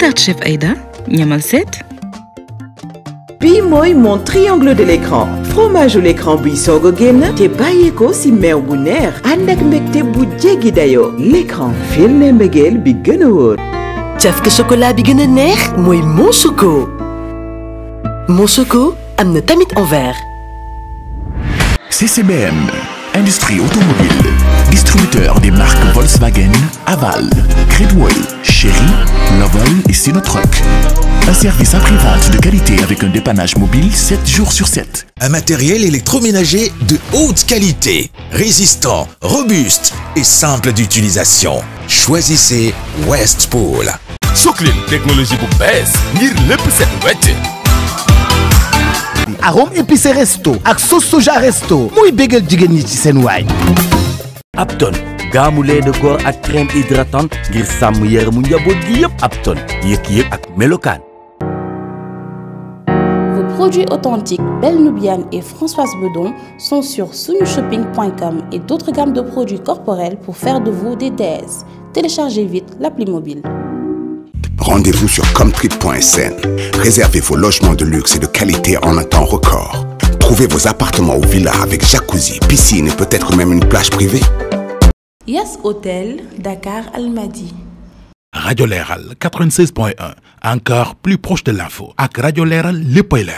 Masterchef Aïda, set. 7. moi, mon triangle de l'écran fromage de l'écran buy soog te bàyyeekoo ci meew bu neex ànd ak mbégte bu l'écran firnde mbëggeel bi gën a wóor chocolat bi Moi a mon choco mon choco Amne tamit en verre CCBM industrie automobile distributeur des marques Volkswagen, Aval, Credwell, Sherry, Lovell et Sinotruck. Un service à de qualité avec un dépannage mobile 7 jours sur 7. Un matériel électroménager de haute qualité, résistant, robuste et simple d'utilisation. Choisissez Westpool. Soklin technologie pour best ngir le arôme épicé resto soja resto Moui bagel Apton de corps crème hydratante ngir gi Apton Vos produits authentiques Belle Nubian et Françoise Bedon sont sur Sunushopping.com et d'autres gammes de produits corporels pour faire de vous des thèses. Téléchargez vite l'appli mobile. Rendez-vous sur comtrip.sn. Réservez vos logements de luxe et de qualité en un temps record. Trouvez vos appartements ou villas avec jacuzzi, piscine et peut-être même une plage privée. Yes Hotel, Dakar Almadi. Radio Leral 96.1, encore plus proche de l'info. Avec Radio Léral Le Poiler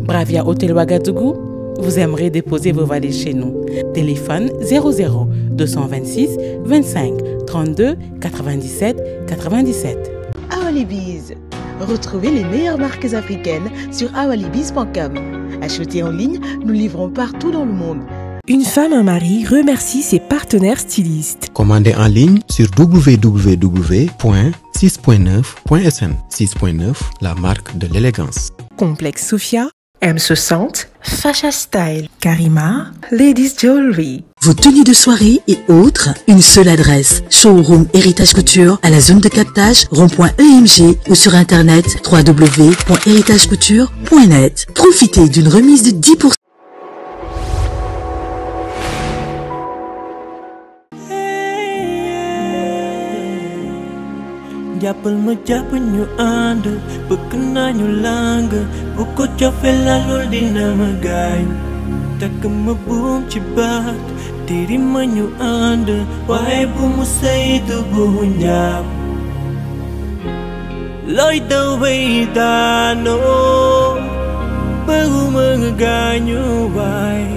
Bravia Hotel Ouagadougou, vous aimerez déposer vos valises chez nous. Téléphone 00 226 25 32 97 97. Awalibiz. Retrouvez les meilleures marques africaines sur awalibiz.com. Achetez en ligne, nous livrons partout dans le monde une femme, un mari remercie ses partenaires stylistes. Commandez en ligne sur www.6.9.sn. 6.9, la marque de l'élégance. Complexe Sophia, M60, Fasha Style, Karima, Ladies Jewelry. Vos tenues de soirée et autres, une seule adresse. Showroom Héritage Couture à la zone de captage rond.emg ou sur internet www.heritagecouture.net Profitez d'une remise de 10% siapa menjapunya anda Berkenanya langgar Buku cafe lalu di nama gayu Tak kemebung cibat Diri menyu anda Wahai bumu saya tubuh nyap Loi tau bay ta no Baru mengeganyu wai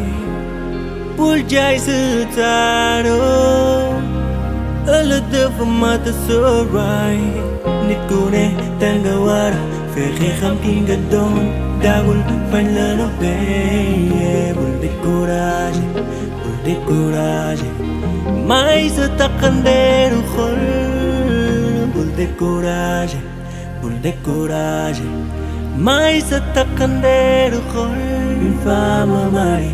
Pul jai setaruh mata sorai Nikune tangawar Ferre ramping gadon Dagul panlano beye Bul de coragem, bul de coragem Mais atacandero hol Bul de coragem, bul de coragem Mais atacandero hol Infama mai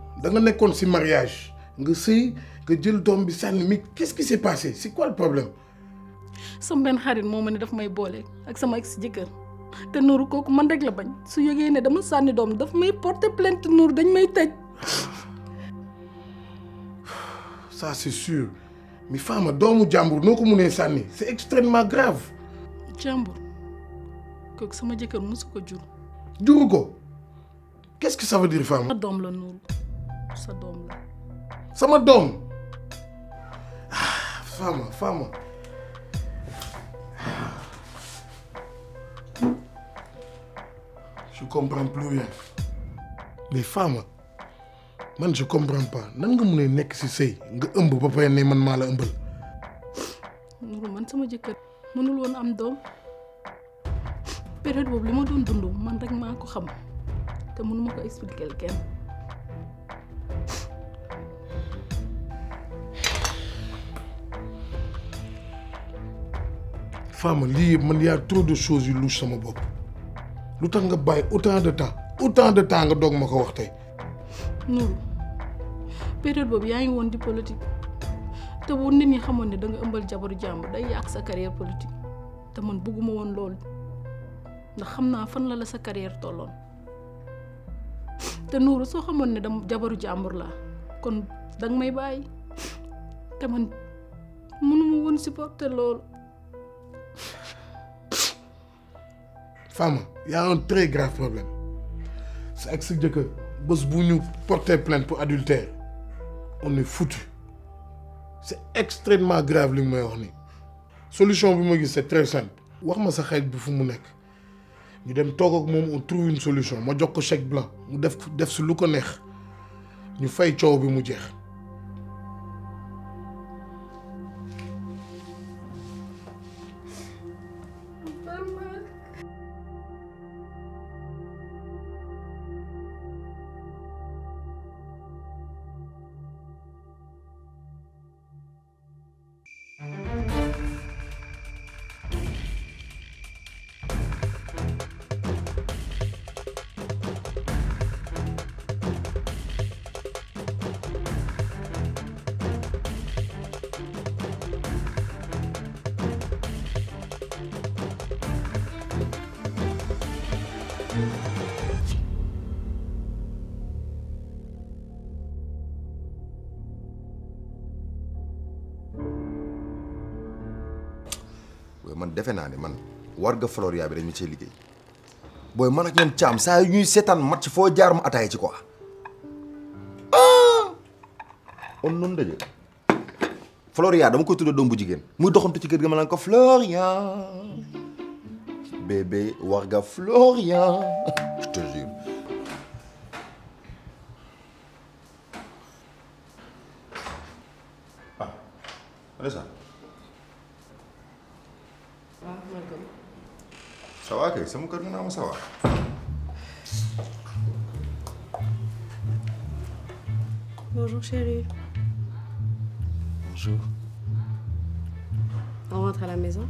Je nga nekkoon mariage nga sais que jël le bi qu'est-ce qui s'est passé c'est quoi le problème. Je ma ne daf may ak sama ex jëkkër te Nour kooku man rek la bañ su ne dama daf porter plainte ça c'est sûr mais femmes doomu jàmbur noo ko c'est extrêmement grave. jàmbur Kok sama jëkkër pas ko jur. qu'est-ce que ça veut dire femme Dom la Nour. Ça me la. Ah, Femme, Fama je comprends plus rien Les femmes. man je comprends pas nan nga mune nek si ci nga ëmb ba Je ne man mala la ëmbal. man sama am man rek xam te expliquer quelqu'un. femme lii yëpp man y a de choses yu louche sama bopp lu tax nga bàyyi autant de temps autant de temps nga doog ma ko wax tey. Nourou période boobu yaa ngi woon di politique te bu nit ñi xamoon ne da nga ëmbal jabaru jàmbur day yàq sa carrière politique te man bëgguma woon loolu ndax xam naa fan la la sa carrière tolloon te Nourou soo xamoon ne dam jabaru jàmbur laa kon danga may bàyyi te man mënuma woon supporter loolu. Fama il y a un très grave problème ça explique que bés bu porter plainte pour adultère on est foutu c'est extrêmement grave le may wax La solution que je c'est très simple wax ma sa xarit bi fu mu nekk ñu dem ak on trouve une solution ma j'ai un chèque blanc mu def def si lu ko neex ñu fay coow bi mu jeex. man man war Floria bi dañu ci liggéey boy man ak ñom cham sa ñuy seetaan match fo jaar mu ataay ci quoi ah on non dajé Floria dama ko tuddé dombu jigen jigéen muy doxantu ci kër gi ma ko Floria bébé war Floria je te jure ah, allez ça C'est kër mun ma Bonjour chérie. Bonjour. On rentre à la maison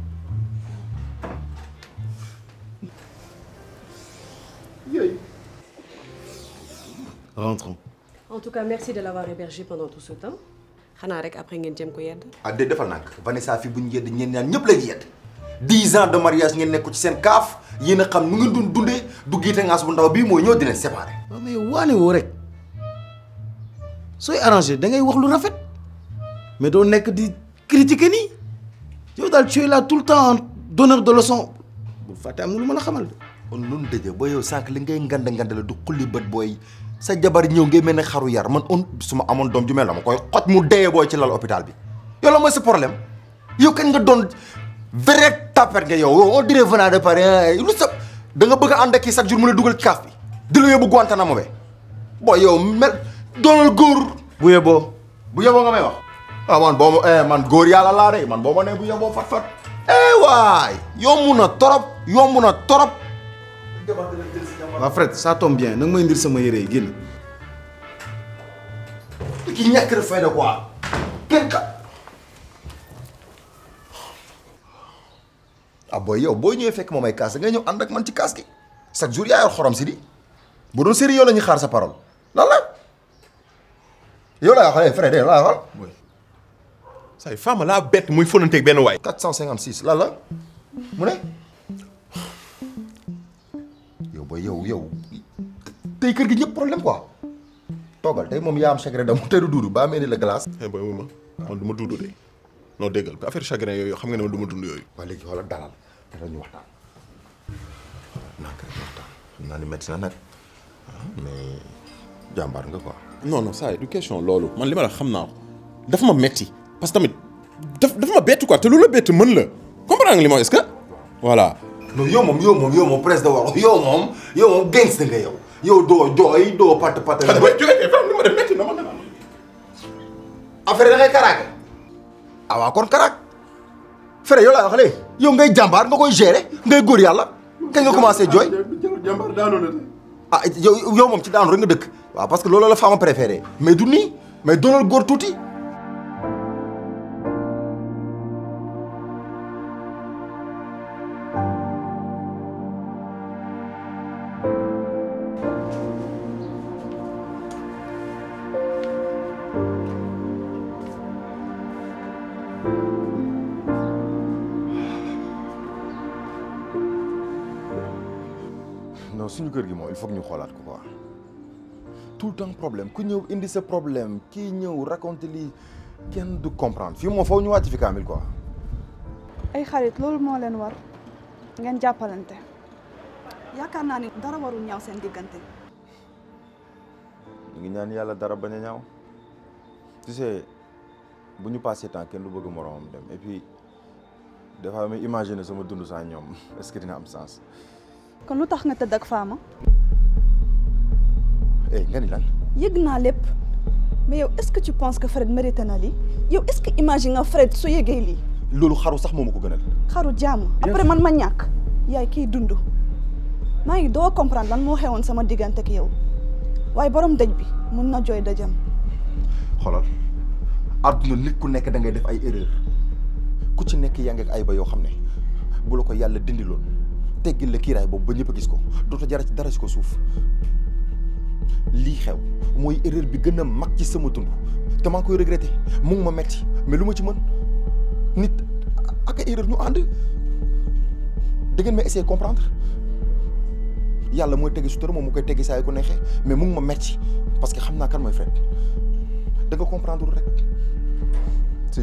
Rentrons. En tout cas, merci de l'avoir hébergé pendant tout ce temps. Je rek après ngeen jëm ko yedd. dit. Ah, déedéet defal Vanessa fi bu ñu yedd ñaan la ans de mariage ngeen nekk ci seen caf. yéen a xam nu ngeen du dundee du giite ngaas bu ndaw bii mooy ñëw di leen séparer. waaw mais waane woo rek sooy arrangé da ngay wax lu rafet mais doo nekk di critiquer nii yow daal tu es tout le temps donneur de leçon bu fàtte am na lu mën a xamal. kon noonu dëjë ba yow sànq li ngay ngand ngand la du xulli bët booy sa jabar ñëw ngay mel ne xaru yar man on su ma amoon doom ju mel koy xoj mu deyee booy ci lal hôpital bi yow la mooy sa problème yow kañ nga doon vrai tapet nga yow on oh, dirait venant de Paris lu sa da nga bëgg ànd ak chaque jour mën a kaf ci kaaf bi di la ya, yóbbu Guantanamo be bo yow mel donal gor bu yeboo ya, bu yeboo ya, nga may wax ah man bo eh man gor yalla la re man bo mo ne bu yeboo fat fat eh way yomb na torop yomb na torop Ma Fred ça tombe bien nag ma indil sama yére yi génn ki ñàkk na fayda quoi kenn ah yow boo ñëwee fekk momay kaas nga ñëw ànd ak man ci kaas gi chaque jour yaay xorom si di bu doon sérieux lañu xaar sa parole lan la yow la xalé eh, frère eh, la xal waxal. say femme la bête muy fonanteeg ben way 456 lan la mu ne. yow boy yow yow tay kër gi ñëpp problème quoi togal tay mom ya am secret da mu tey du dudu ba mel la glace. eh booy ma man duma dudu duudu non déggal ko affaire yooyu xam nga ne man du ma dund yooyu. waaw léegi xoolal ah, nga quoi. non non ça loolu man li ma la xam ma metti parce que tamit daf dafa ma bett quoi te lu la bett mën la comprendre nga li ma est-ce que voilà. yow moom yow moom yow moom presque yow moom yow nga yow yow doo jooy doo pat pat. nga booy jógee fii ma def métti na ma. affaire da ngay karaake. ah kon Karak frère yow laa wax léegi yow ngay jàmbaar nga koy gérer ngay góor yàlla kañ nga commencé jooy. jàmbaar daanoo na ah yow yow moom ci daanu rek nga dëkk. waaw parce que loolu la femme préférée mais du nii mais doonal góor tuuti. il faut que nous xolaat ko tout le temps problème ku indi ce problème qui ñew raconte li kenn du comprendre fi mo ñu fi kamil quoi. ay xarit lool mo leen war ngeen Ya yaakaar ni dara warul ñaaw seen diggante. ñu ñaan yàlla dara bañ a tu sais bu ñu passé temps kenn bëgg et puis des may imaginer sama dund sans ñoom est-ce que dina am sens kon lu tax nga tëdd Fama. eh nga ni lan. yëg mais est-ce que tu penses que Fred mérite na est-ce que imagine nga Fred su yëgee lii. loolu xaru sax moo ma ko gënal. xaru après man ma ñàkk. yaay kiy dund maa ngi doo comprendre lan moo xewoon sama diggante ak yow waaye borom dëj bi mun na jooy dëjam. xolal nit ku nekk da ngay def ay erreur ku ci nekk yaa ak ay ba yoo teggil la kiiraay boobu ba ñëpp gis ko doota jara dara si ko suuf lii xew mooy erreur bi gën a mag ci sama dund te maa koy regretté mu ma metti mais lu ma ci mën nit ak erreur ñu ànd da ngeen may essayer comprendre yàlla mooy teggi sutura moom mu koy teggi saa yu ko neexee mais moom ma metti parce que xam naa kan mooy Fred da nga comprendre rek c'est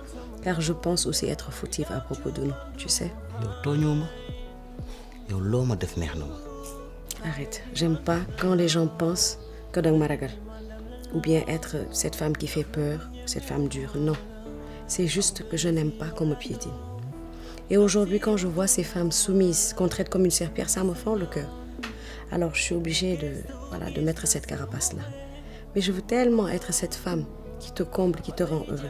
car je pense aussi être fautive à propos de nous, tu sais. Arrête, j'aime pas quand les gens pensent que d'un maragal. Ou bien être cette femme qui fait peur, cette femme dure. Non. C'est juste que je n'aime pas qu'on me piétine. Et aujourd'hui, quand je vois ces femmes soumises, qu'on traite comme une serpillère, ça me fend le cœur. Alors je suis obligée de, voilà, de mettre cette carapace-là. Mais je veux tellement être cette femme qui te comble, qui te rend heureux.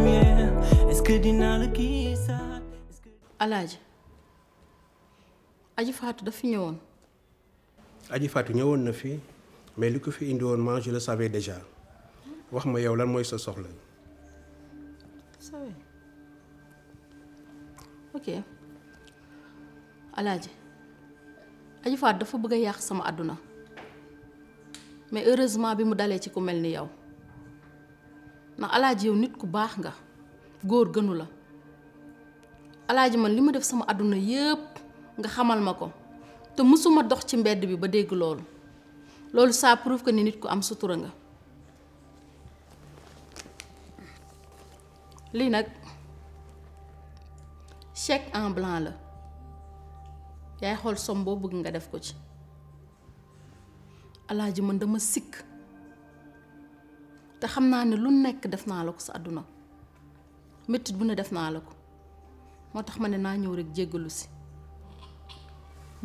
dinaa la kii sax. Alaaji Aji Faatu daf fi ñëwoon. Aji ñëwoon na fii mais li ko fi indi woon man je le savais déjà wax ma yow lan mooy sa soxla. ok Alaaji Aji dafa bëgg a yàq sama àdduna mais heureusement bi mu dalee ci ku mel ni yow ndax Alaaji yow nit ku baax nga. góor gënu la alaaji man li ma def sama àdduna yépp nga xamal ma ko te mësuma dox ci mbedd bi ba dégg loolu loolu saa prouve que ni nit ku am sutura nga lii nag chèque en blanc la yaay xool somme bëgg nga def ko ci alaaji man dama sikk te xam naa ne lu nekk def naa la ko sa àdduna méttit bu ne def naa la ko moo tax ma ne naa ñëw rek jéggalu si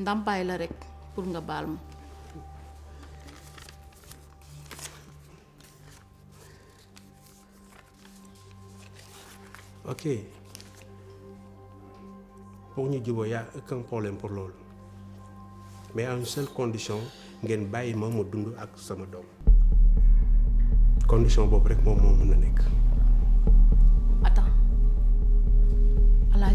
ndàmpaay la rek pour nga baal ma ok pour ñu jubóo y a aucun problème pour loolu mais à une seule condition ngeen bàyyi ma mu dund ak sama doom condition boobu rek moom moo mën a nekk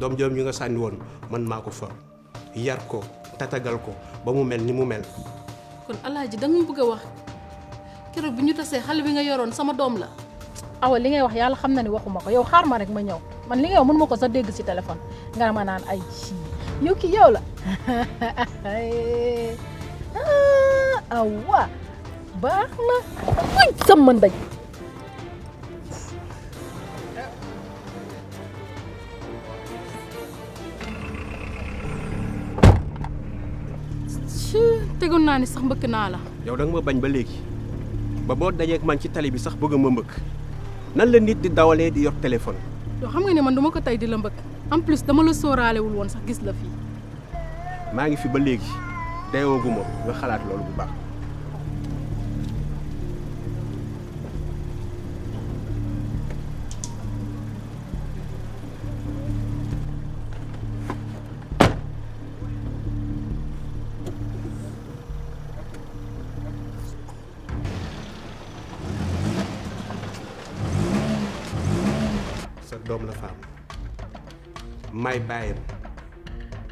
dom jom ñu nga sànni woon man maa ko yar ko tatagal ko ba mu mel ni mu mel kon alaaji da nga bëgg a wax keroog bi ñu tasee xale bi nga yoroon sama doom la awa li ngay wax yàlla xam na ni waxuma ko yow xaar ma rek ma ñëw man li ngay wax mën ma ko sa dégg si téléphone nga ma naan ay yow ki yow la ah, awa baax na uy man daj yëgoon naa ne sax mbëkk naa la. yow da nga ma bañ ba léegi ba boo dajeek man ci tali bi sax bëgg ma mbëkk nan la nit di dawalee di yor téléphone. yoo xam nga ne man du ko tey di la mbëkk en plus dama la sóoraalewul woon sax gis la fii. maa ngi fi ba léegi deewoogu ma nga xalaat loolu bu baax. maay bàyyam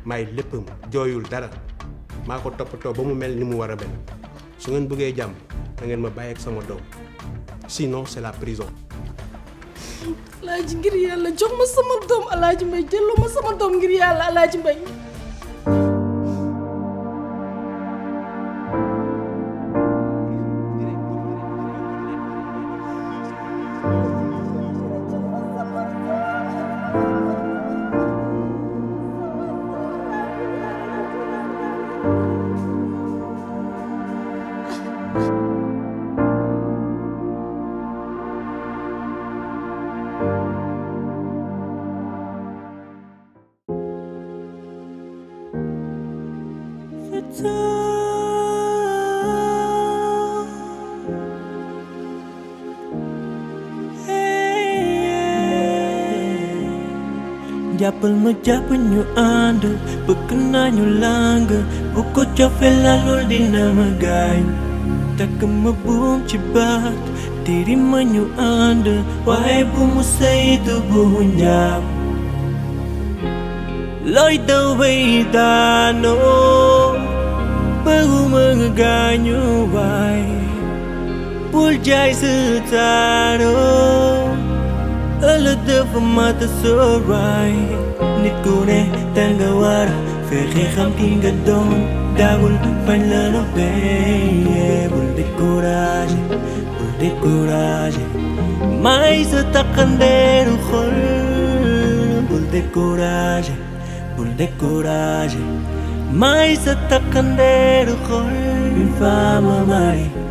maay léppam jooyul dara maa ko toppatoo ba mu mel ni mu war a mel su ngeen bëggee jàmm da ngeen ma bàyyi ak sama doom sinon c'est la prison. alaaji ngir yàlla jox ma sama doom alaaji mbay jëloo ma sama doom ngir yàlla alaaji mbay. Japal meja nyo anda Pagkana nyo langga Buko chafe lalol di gai. magay Takamabum chibat Diri man nyo anda Wahay Loi tubuhunyap Lloyd away dano menganyu bai Puljai setaro Alada famata sorai Nikune tangawara Fekhe kham kinga don Dagul panlano beye Bulde coraje, bulde coraje Mais atacandero khol Bulde coraje, bulde coraje mai sẽ ta kan de ru khoi va mai